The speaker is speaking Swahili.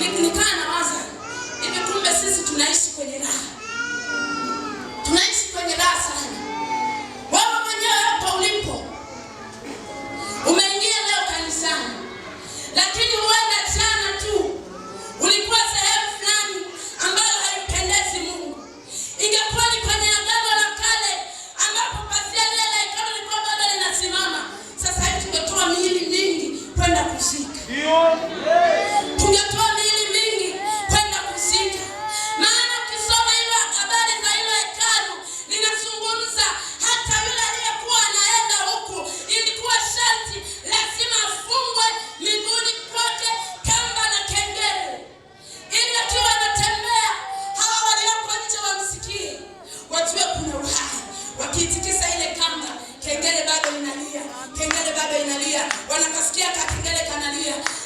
Lakini nikaa hivi, kumbe sisi tunaishi kwenye raha, tunaishi kwenye raha sana. Wewe mwenyewe ulipo umeingia leo kanisani, lakini huenda jana tu ulikuwa sehemu fulani ambayo Mungu. Ingekuwa ni kwenye Agano la Kale ambapo pazia lile la hekalu lilikuwa bado linasimama, sasa hivi miili mingi kwenda kuzika. wajue kuna uhai. Wakiitikisa ile kamba, kengele bado inalia, kengele bado inalia, wanakasikia kakengele kanalia